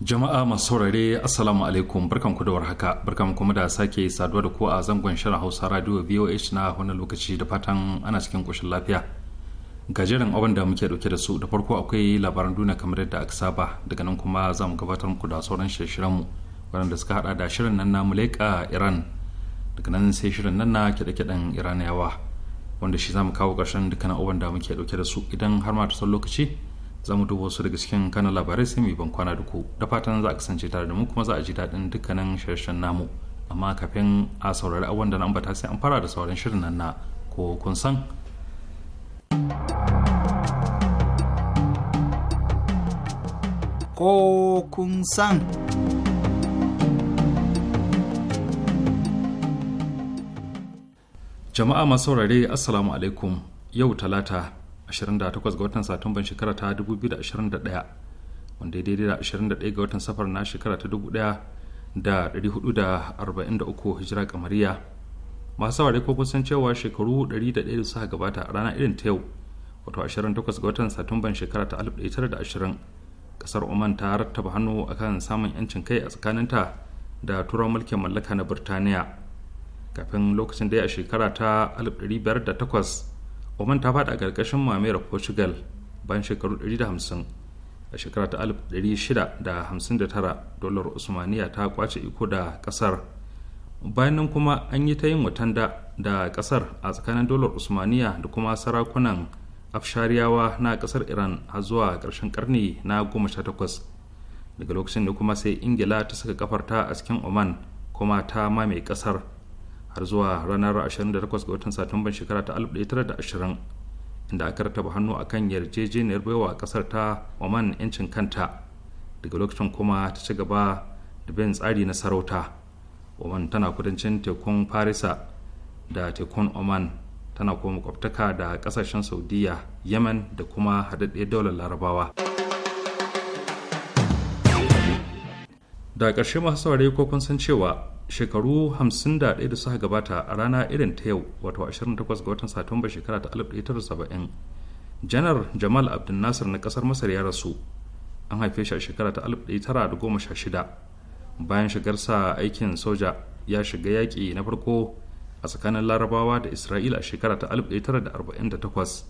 Jama'a masu saurare Assalamu alaikum barkan ku da warhaka barkan kuma da sake saduwa da ku a zangon shirin Hausa Radio VOH na wani lokaci da fatan ana cikin koshin lafiya. Gajeren abin da muke dauke da su da farko akwai labaran duniya kamar yadda aka saba daga nan kuma za mu gabatar muku da sauran shirin mu waɗanda suka hada da shirin nan na Muleka Iran daga nan sai shirin nan na kiɗe-kiɗen Iraniyawa wanda shi za mu kawo ƙarshen dukkanin abin da muke dauke da su idan har ma ta lokaci za mu duba wasu daga cikin kanan labarai sai mu ban kwana da da fatan za a kasance tare da mu kuma za a ji daɗin dukkanin shirshen namu amma kafin a saurari abubuwan da na ambata sai an fara da sauran shirin nan na ko kun san ko kun san jama'a masu saurare assalamu alaikum yau talata 28 ga watan satumban shekara ta 2021 wanda daidai da 21 ga watan safar na shekara ta 1443 hijira kamariya masu saurari ko kusan cewa shekaru 101 da suka gabata a ranar irin ta yau wato 28 ga watan satumban shekara ta 1920 kasar oman ta rattaba hannu akan samun yancin kai a tsakaninta da turawan mulkin mallaka na birtaniya kafin lokacin da a shekara ta 1508 oman ta faɗa ƙarƙashin mamayar portugal bayan shekaru 150 a shekara ta 1659 dolar usmaniya ta kwace iko da ƙasar bayan nan kuma an yi ta yin watanda da ƙasar a tsakanin dolar usmaniya da kuma sarakunan afshariyawa na ƙasar iran har zuwa ƙarshen ƙarni na 18 daga lokacin da kuma sai ingila ta saka kafarta a cikin oman kuma ta mamaye ƙasar har zuwa ranar 28 ga watan satumban shekara ta 1920 inda aka rataba hannu a kan yarjejeniyar baiwa kasar ta oman 'yancin kanta daga lokacin kuma ta ci gaba da bin tsari na sarauta oman tana kudancin tekun farisa da tekun oman tana kuma makwabtaka da kasashen saudiya yemen da kuma haɗaɗɗiyar daular larabawa da ƙarshe masu saurari ko kun san cewa shekaru 51 da suka gabata a rana irin ta yau wato 28 ga watan satumba shekara ta 1970 janar jamal abdul nasir na kasar masar ya rasu an haife shi a shekara ta 1916 bayan shigarsa aikin soja ya shiga yaƙi na farko a tsakanin larabawa da isra'ila a shekara ta 1948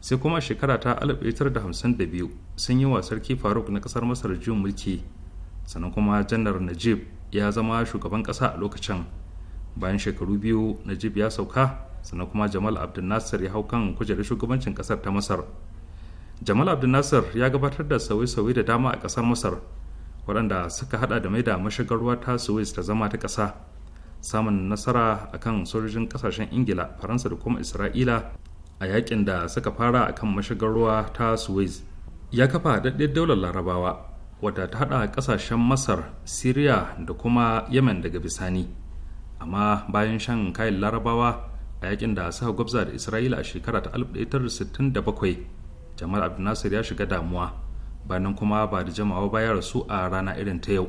sai kuma a shekara ta 1952 sun yi wa sarki faruk na kasar masar jin mulki sannan kuma janar najib ya zama shugaban ƙasa a lokacin bayan shekaru biyu najib ya sauka sannan kuma jamal abdul ya hau kan kujerar shugabancin ƙasar ta masar jamal abdul ya gabatar da sauye-sauye da dama a ƙasar masar waɗanda suka hada da maida mashigar ruwa ta suez ta zama ta ƙasa samun nasara a kan sojojin ƙasashen ingila faransa da kuma isra'ila a yakin da suka fara akan mashigar ruwa ta suez ya kafa daɗaɗɗiyar daular larabawa wadda ta hada kasashen masar syria da kuma yemen daga bisani amma bayan shan kayan larabawa a yakin da suka gwabza da isra'ila a shekara ta 1967 jamal nasir ya shiga damuwa bayan kuma ba da jamawa bayar su a rana irin ta yau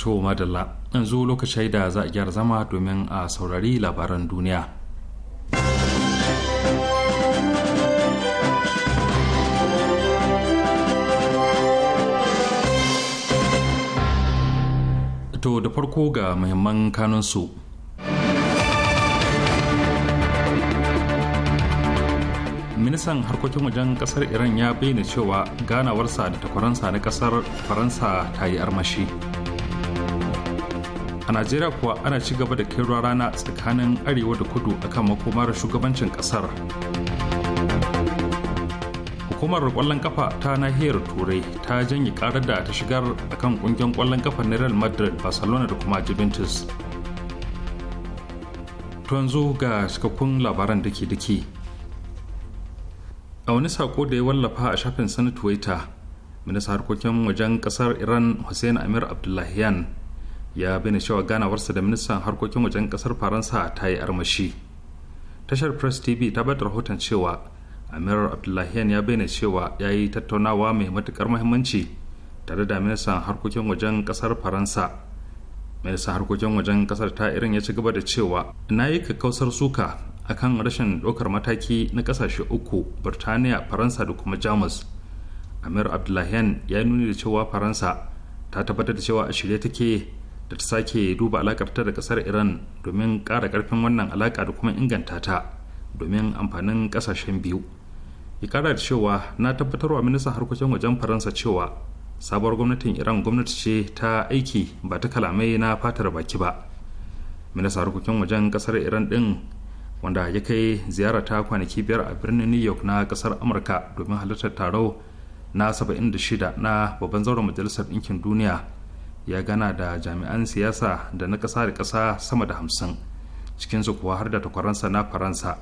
To madalla yanzu lokacin da za a gyara zama domin a saurari labaran duniya. To da farko ga muhimman kanunsu. Ministan harkokin wajen kasar Iran ya bayyana cewa ganawarsa da takwaransa na kasar Faransa ta yi armashi. a najeriya kuwa ana ci gaba da kai rana tsakanin arewa da kudu akan makomar shugabancin kasar hukumar kwallon kafa ta nahiyar turai ta janye karar da ta shigar akan kungiyar kwallon kafa na real madrid barcelona da kuma juventus to yanzu ga cikakkun labaran da ke a wani sako da ya wallafa a shafin sana twitter minista harkokin wajen kasar iran hussein amir abdullahiyan ya bayyana cewa ganawarsa da ministan harkokin wajen kasar faransa ta yi armashi tashar press tv ta bada rahoton cewa amirar abdullahian ya bayyana cewa ya yi tattaunawa mai matukar mahimmanci tare da ministan harkokin wajen kasar faransa ministan harkokin wajen kasar ta irin ya ci gaba da cewa na yi kakkausar suka akan rashin ɗaukar mataki na ƙasashe uku birtaniya faransa da kuma jamus amir abdullahian ya nuni da cewa faransa ta tabbatar da cewa a shirye take da ta sake duba alakar ta da kasar iran domin kara karfin wannan alaka da kuma inganta ta domin amfanin kasashen biyu ya da cewa na tabbatarwa ministan harkokin wajen faransa cewa sabuwar gwamnatin iran gwamnati ce ta aiki ba ta kalamai na fatar baki ba ministan harkokin wajen kasar iran din wanda ya kai ziyara ta kwanaki biyar a birnin new york na kasar amurka domin halartar taro na 76 na babban zauren majalisar ɗinkin duniya ya gana da jami'an siyasa da na ƙasa da ƙasa sama da hamsin cikinsu kuwa har da takwaransa na faransa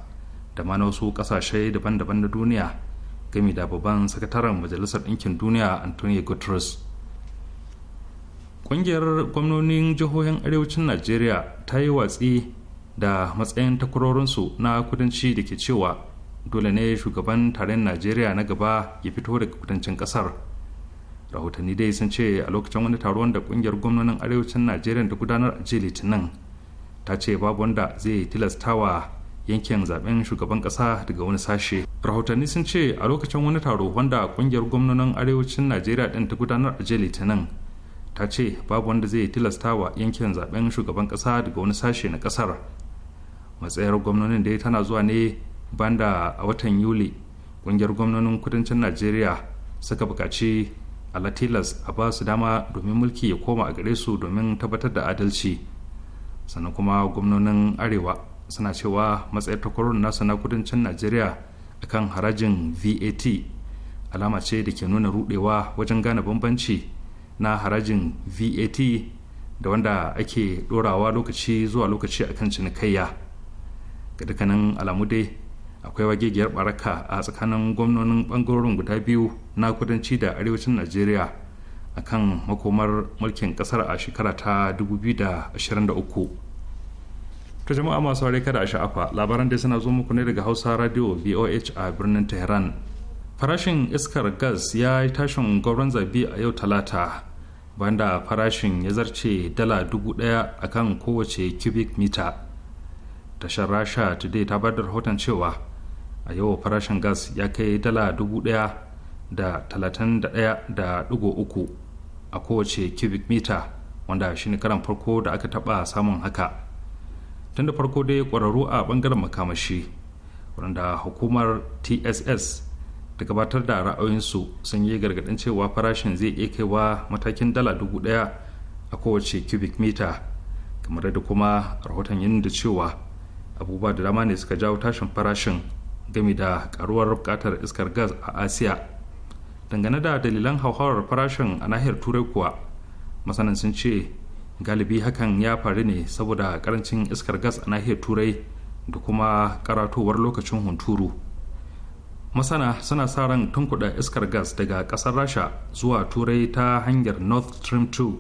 da ma na wasu ƙasashe daban-daban na duniya gami da babban sakataren majalisar ɗinkin duniya antonio guterres ƙungiyar gwamnonin jihohin arewacin najeriya ta yi watsi da matsayin takwarorinsu na kudanci da ke cewa dole ne shugaban tarayyar najeriya na gaba ya fito daga kudancin ƙasar rahotanni dai sun ce a lokacin wani taro wanda kungiyar gwamnonin arewacin najeriya da gudanar a jeli litinin ta ce babu wanda zai tilastawa yankin zaben shugaban kasa daga wani sashe rahotanni sun ce a lokacin wani taro wanda kungiyar gwamnonin arewacin najeriya din ta gudanar a jeli litinin ta ce babu wanda zai tilastawa yankin zaben shugaban kasa daga wani sashe na kasar matsayar gwamnonin dai tana zuwa ne banda a watan yuli kungiyar gwamnonin kudancin najeriya suka buƙaci alatilas a ba su dama domin mulki ya koma a gare su domin tabbatar da adalci sannan kuma gwamnonin arewa suna cewa ta takwarorin nasu na kudancin najeriya akan harajin vat alama ce da ke nuna rudewa wajen gane bambanci na harajin vat da wanda ake dorawa lokaci zuwa lokaci akan cinikayya ga dukkanin alamu dai akwai wagegiyar baraka a tsakanin gwamnonin bangarorin guda biyu na kudanci da arewacin najeriya a kan makomar mulkin kasar a shekara ta 2023 ta jama'a masu ware kada a sha'afa labaran dai suna zo muku ne daga hausa radio voh a birnin tehran farashin iskar gas ya yi tashin gwamnan zabi a yau talata banda farashin ya zarce dala dubu daya kan kowace cubic mita tashar rasha today ta bada rahoton cewa a yau farashin gas ya kai dala dubu ɗaya da talatin da ɗaya da ɗigo uku a kowace cubic mita wanda shine karan farko da aka taɓa samun haka tun da farko dai kwararru a ɓangaren makamashi wanda hukumar tss da gabatar da ra'ayoyinsu sun yi gargaɗin cewa farashin zai iya kaiwa matakin dala dubu ɗaya a kowace cubic mita kamar da kuma rahoton yin da cewa abubuwa da dama ne suka jawo tashin farashin game da karuwar bukatar iskar gas a asiya dangane da dalilan hauhawar farashin a nahiyar turai kuwa masanan sun ce galibi hakan ya faru ne saboda karancin iskar gas a nahiyar turai da kuma karatowar lokacin hunturu masana suna sa ran tunkuda iskar gas daga kasar rasha zuwa turai ta hanyar north stream 2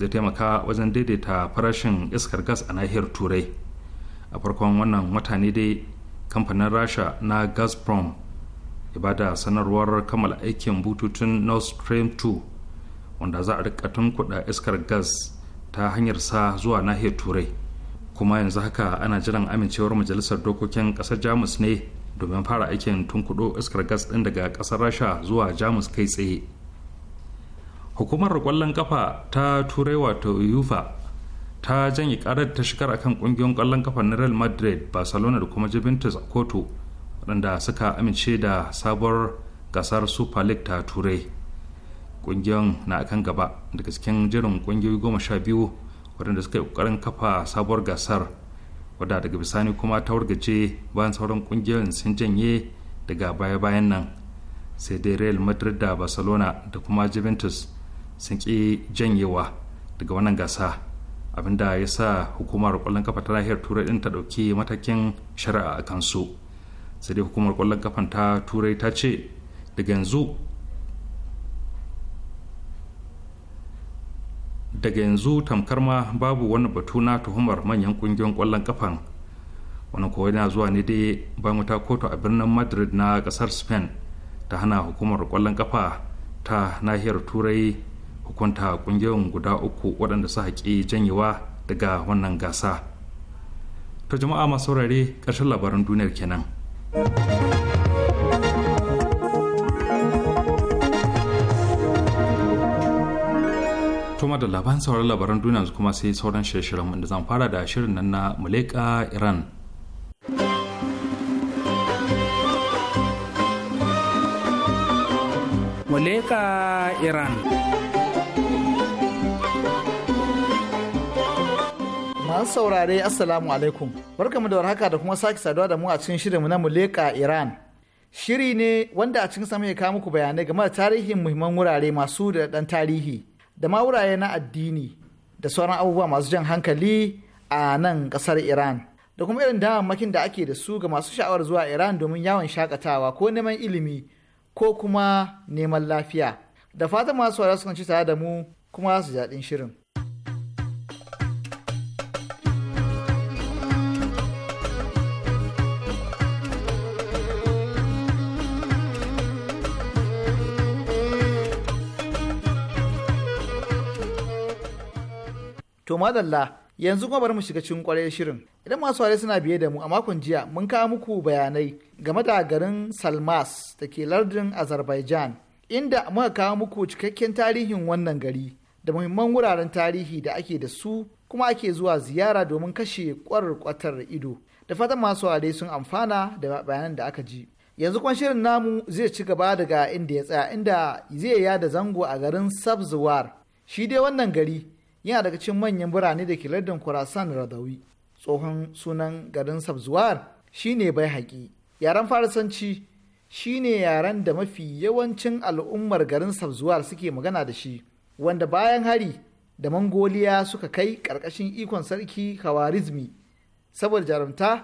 zai taimaka wajen daidaita farashin iskar gas a nahiyar turai a farkon wannan wata ne dai kamfanin rasha na gazprom ya ba da sanarwar kammala aikin bututun nord stream 2 wanda za a rika kuɗa iskar gas ta hanyar sa zuwa nahiyar turai kuma yanzu haka ana jiran amincewar majalisar dokokin ƙasar jamus ne domin fara aikin tunkuɗo iskar gas ɗin daga ƙasar rasha zuwa jamus kai tsaye hukumar kwallon kafa ta turai wato yufa ta janye karar ta shigar akan kungiyoyin kwallon kafa na real madrid barcelona da kuma juventus a kotu waɗanda suka amince da sabuwar gasar super league ta turai kungiyoyin na akan gaba daga cikin jirin kungiyoyi goma sha biyu waɗanda suka yi ƙoƙarin kafa sabuwar gasar wadda daga bisani kuma ta wargaje bayan sauran kungiyoyin sun janye daga baya-bayan nan sai dai real madrid da barcelona da kuma juventus sun ƙi janyewa daga wannan gasa abinda ya sa hukumar kwallon kafa ta nahiyar turai din ta ɗauki matakin shari'a a kansu sai dai hukumar kwallon kafan ta turai ta ce daga yanzu daga yanzu tamkar ma babu wani batu na tuhumar manyan kungiyoyin kwallon kafan wani kowa yana zuwa ne dai bayan wata kotu a birnin madrid na kasar spain ta hana hukumar kwallon kafa ta nahiyar turai hukunta kungiyoyin guda uku waɗanda su haƙi janyewa daga wannan gasa ta jama'a masu saurare ƙarshen labaran duniyar kenan kuma da labaran sauran labaran duniya kuma sai sauran shirye-shiryen da zan fara da shirin nan na muleka iran muleka iran Masu saurare Assalamu alaikum. Barkamu da warhaka da kuma sake saduwa da mu a cikin shirinmu na Muleka Iran. Shiri ne wanda a cikin sama ya kawo muku bayanai game da tarihin muhimman wurare masu da dan tarihi da ma wurare na addini da sauran abubuwa masu jan hankali a nan kasar Iran. Da kuma irin damammakin da ake da su ga masu sha'awar zuwa Iran domin yawon shakatawa ko neman ilimi ko kuma neman lafiya. Da fatan masu saurare su kan ci tare da mu kuma su jaɗin shirin. To madalla yanzu kuma bari mu shiga cikin kwarai shirin. Idan masu ware suna biye da mu a makon jiya mun kawo muku bayanai game da garin Salmas da ke lardin Azerbaijan inda muka kawo muku cikakken tarihin wannan gari da muhimman wuraren tarihi da ake da su kuma ake zuwa ziyara domin kashe kwarkwatar ido. Da fatan masu ware sun amfana da bayanan da aka ji. yanzu kwan shirin namu zai ci gaba daga inda ya tsaya inda zai yada zango a garin sabzuwar shi dai wannan gari yana daga cikin manyan birane da ke lardin Khorasan Radawi. Tsohon sunan garin Sabzuwar shine bai haƙi. Yaren Farisanci shine yaren da mafi yawancin al'ummar garin Sabzuwar suke magana da shi, wanda bayan hari da Mangoliya suka kai ƙarƙashin ikon sarki Khawarizmi saboda jarumta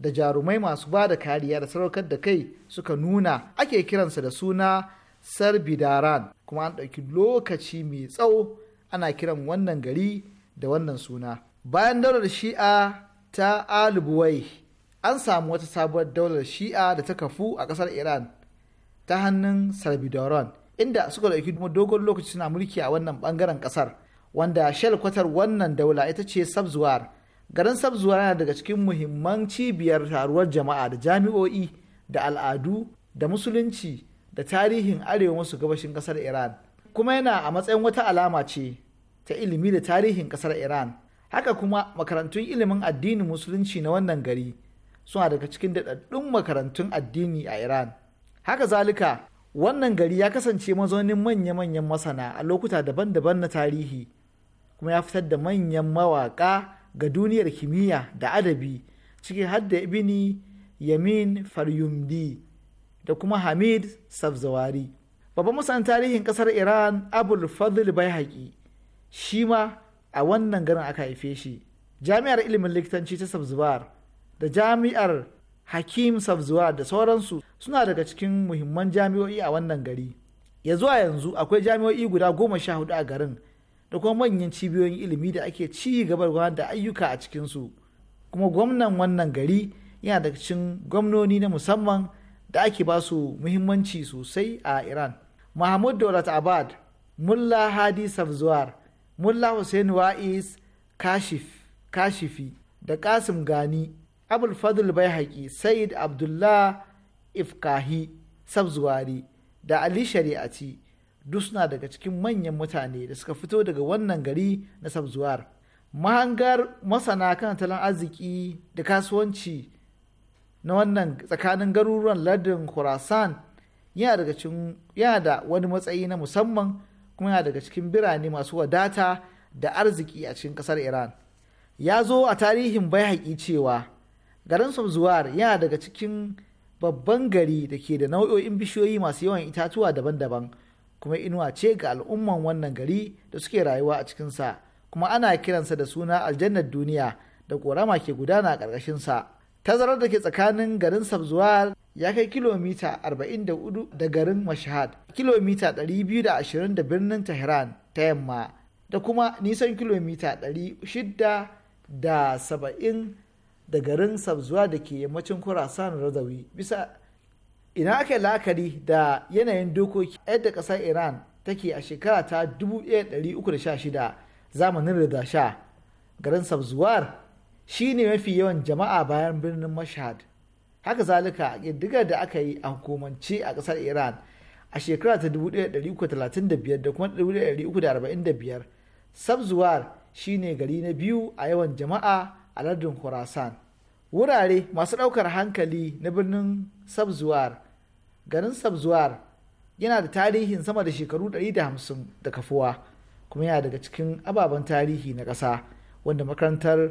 da jarumai masu ba da kariya da sarkar da kai suka nuna ake kiransa da suna Sarbidaran kuma an ɗauki lokaci mai tsawo ana kiran wannan gari da wannan suna bayan daular shi'a ta alibuwai an samu wata sabuwar daular shi'a da ta kafu a ƙasar iran ta hannun sarbidoron inda suka ɗauki dogon lokaci suna mulki a wannan ɓangaren ƙasar wanda shelkwatar wannan daula ita ce sabzuwar garin sabzuwar yana daga cikin muhimman cibiyar taruwar jama'a da jami'o'i da al'adu da musulunci da tarihin arewa masu gabashin ƙasar iran kuma yana a matsayin wata alama ce ta ilimi da tarihin ƙasar Iran. Haka kuma makarantun ilimin addinin musulunci na wannan gari suna daga cikin daɗaɗɗun makarantun addini a Iran. Haka zalika wannan gari ya kasance mazaunin manya-manyan masana a lokuta daban-daban na tarihi kuma ya fitar da manyan mawaƙa ga duniyar kimiyya da adabi ciki har da ibini yamin faryumdi da kuma hamid safzawari. babban masan tarihin kasar iran abul fadl bai shi ma a wannan garin aka haife shi jami'ar ilimin likitanci ta sabzubar da jami'ar hakim sabzubar da sauransu suna daga cikin muhimman jami'o'i a wannan gari ya zuwa yanzu akwai jami'o'i guda goma sha hudu a garin da kuma manyan cibiyoyin ilimi da ake ci gaba da ayyuka a cikinsu kuma gwamnan wannan gari yana daga cikin gwamnoni na musamman da ake ba su muhimmanci sosai a iran mahmud daulat abad mulla hadi safzuwar mulla hussein wa'is kashif kashifi da kasim gani abul fadl bai said abdullah ifkahi safzuwari da ali shari'ati duk suna daga cikin manyan mutane da suka fito daga wannan gari na sabzuwar mahangar masana kan talan arziki da kasuwanci na wannan tsakanin garuruwan lardin khurasan yana daga cikin yana da wani matsayi na musamman kuma yana daga cikin birane masu wadata da arziki a cikin kasar iran ya zo a tarihin bai cewa garin zuwar yana daga cikin babban gari da ke da nau'o'in bishiyoyi masu yawan itatuwa daban-daban kuma inuwa ce ga al'umman wannan gari da suke rayuwa a cikinsa kuma ana kiransa da suna aljannar duniya da ƙorama ke gudana a ƙarƙashinsa tazarar da ke tsakanin garin sabzuwar ya kai kilomita 44 da garin mashhad kilomita 220 da birnin tehran ta yamma da kuma nisan kilomita 670 da garin sabzuwa da ke yammacin kurasan radawi bisa ina aka la'akari da yanayin dokoki yadda ƙasar iran take a shekara ta 1316 zamanin da sha garin sabzuwar shine mafi yawan jama'a bayan birnin mashhad haka zalika ƙididdigar da aka yi a hukumance a ƙasar iran a shekara ta 1335 da kuma 1345 sabzuwar shine gari na biyu a yawan jama'a a lardin khurasan wurare masu ɗaukar hankali na birnin sabzuwar garin sabzuwar yana da tarihin sama da shekaru 150 da kafuwa kuma yana daga cikin ababen tarihi na ƙasa wanda makarantar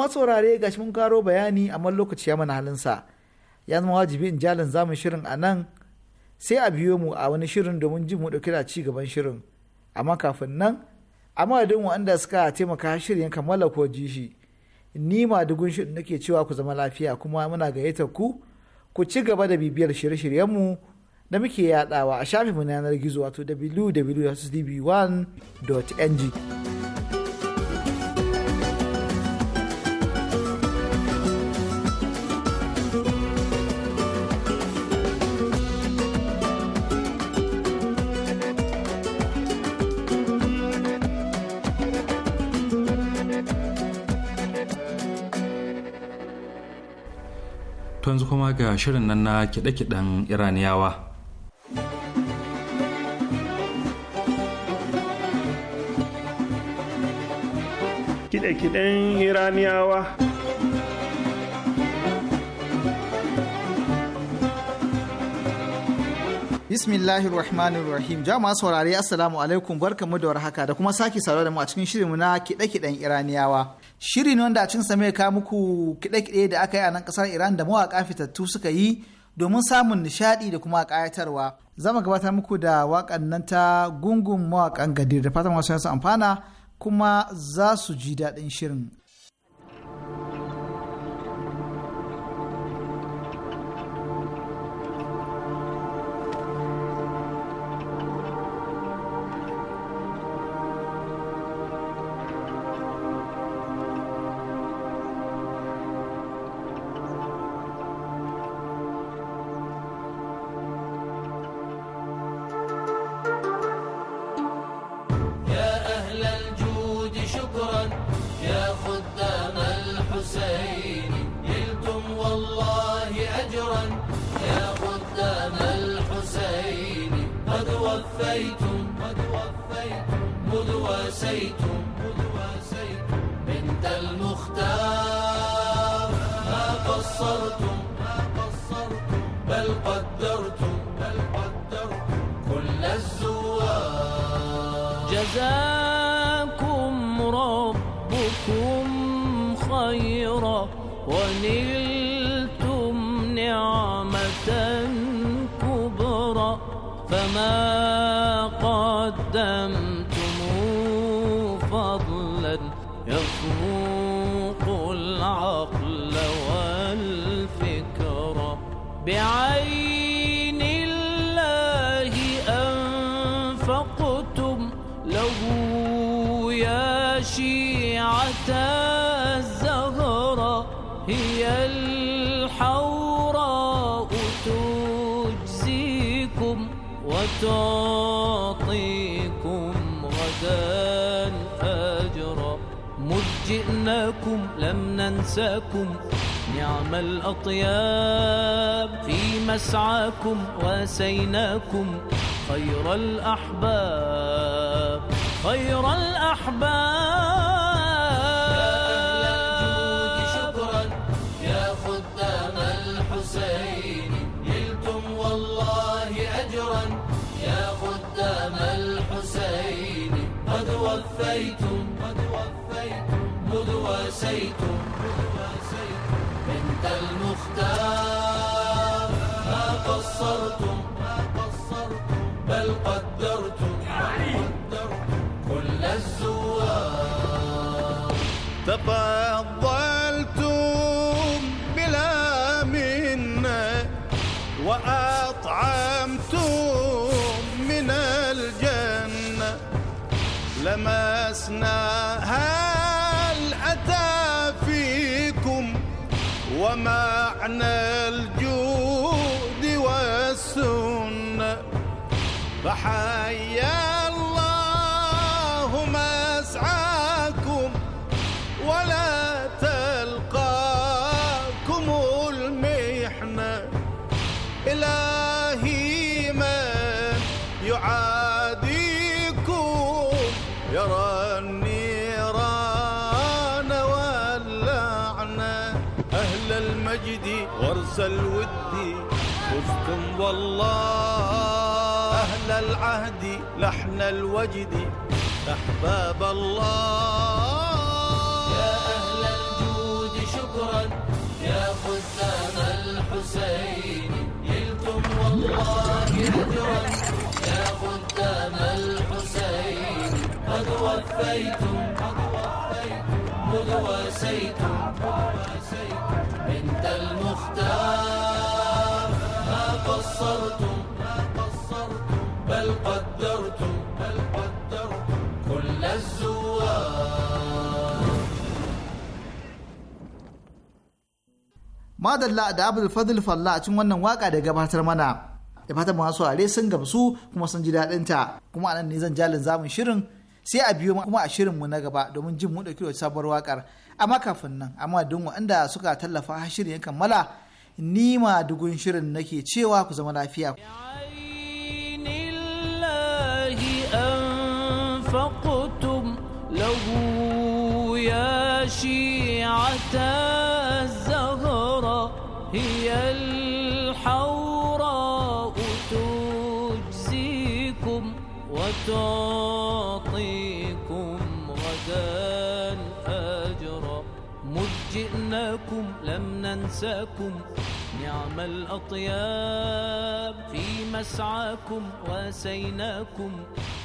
masu saurare gashi mun karo bayani amma lokaci ya mana halinsa ya zama wajibi in jalin zamun shirin a nan sai a biyo mu a wani shirin domin jin mu dauki da ci gaban shirin amma kafin nan a madadin wanda suka taimaka shirin kammala ko ji shi ni ma dugun shirin nake cewa ku zama lafiya kuma muna gayyatar ku ku ci gaba da bibiyar shirye-shiryenmu da muke yadawa a shafinmu na yanar gizo wato www.db1.ng ga shirin nan na kiɗe-kiɗen iraniyawa kiɗe-kiɗen iraniyawa Bismillahir Rahmanir Rahim. Jama'a saurare Assalamu alaikum barkamu da warhaka da kuma sake saurare da mu a cikin shirinmu na kiɗe-kiɗen Iraniyawa. shiri ne wanda a cin same ka muku kiɗe-kiɗe da aka yi a nan ƙasar iran da mawaƙa fitattu suka yi domin samun nishaɗi da kuma ƙayatarwa mu gabatar muku da waƙan nan ta gungun mawaƙan gadir da fatan wasu amfana kuma za su ji daɗin shirin وسيتم المختار ما قصرتم ما قصرتم بل قدرتم بل قدرتم كل الزوار جزاكم ربكم خيرا ونلتم نعمة كبرى فما قدم وتعطيكم غدا أجرا مذ جئناكم لم ننساكم نعم الأطياب في مسعاكم وسيناكم خير الأحباب خير الأحباب وفيتم قد وفيتم مذ وسيتم انت المختار ما قصرتم ما قصرتم بل قدرتم يعني قدرتم كل الزوار تفضلتم بلا منا وأطعمتم من الجنة لما أسنا هل أتى فيكم ومعنى الجود والسنة فحياكم وصل ودي والله أهل العهد لحن الوجد أحباب الله يا أهل الجود شكرا يا خزام الحسين نلتم والله أجرا يا خدام الحسين قد وفيتم قد وفيتم قد وسيتم انت المختار ما قصرتم ما قصرتم بل قدرتم بل قدرتم كل الزوار madalla da abdul fadl falla a cikin wannan waka da gabatar mana da fatan masu are sun gamsu kuma sun ji daɗinta kuma anan ne zan jalin zamun shirin sai a biyo kuma a mu na gaba domin jin mu dauki sabuwar wakar amma kafin nan amma don waɗanda suka tallafa shirin ya kammala ni dugun shirin nake cewa ku zama lafiya أنفقتم وتعطيكم ننساكم نعم الأطياب في مسعاكم وسيناكم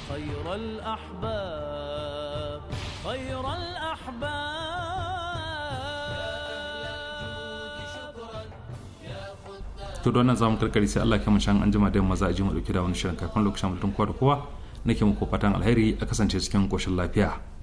خير الأحباب خير الأحباب to wannan zamu karkari sai Allah ya kama shan anjima da maza ji mu dauki da wani shirin kafin lokacin mutum kowa da kowa nake muku fatan alheri a kasance cikin koshin lafiya